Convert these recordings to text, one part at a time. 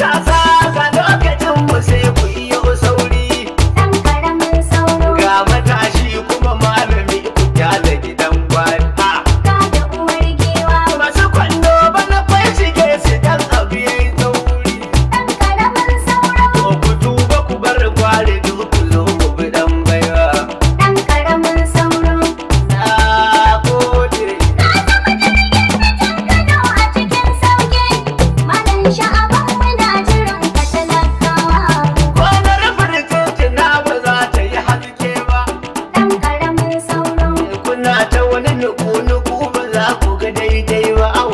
casa. daidai ba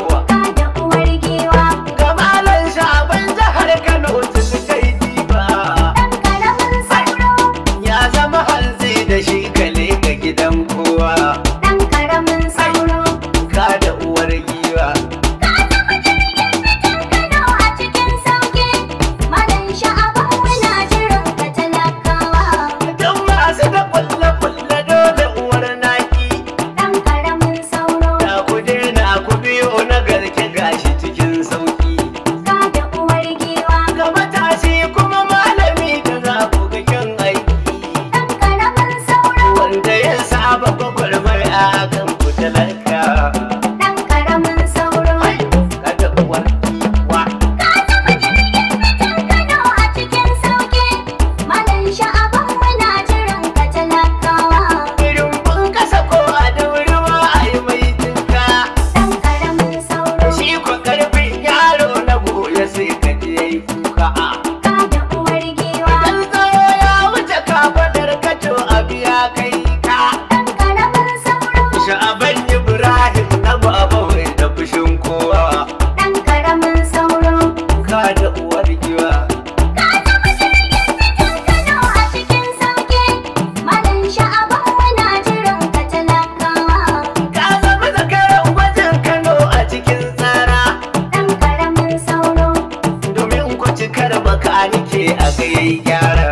ce a kai gyara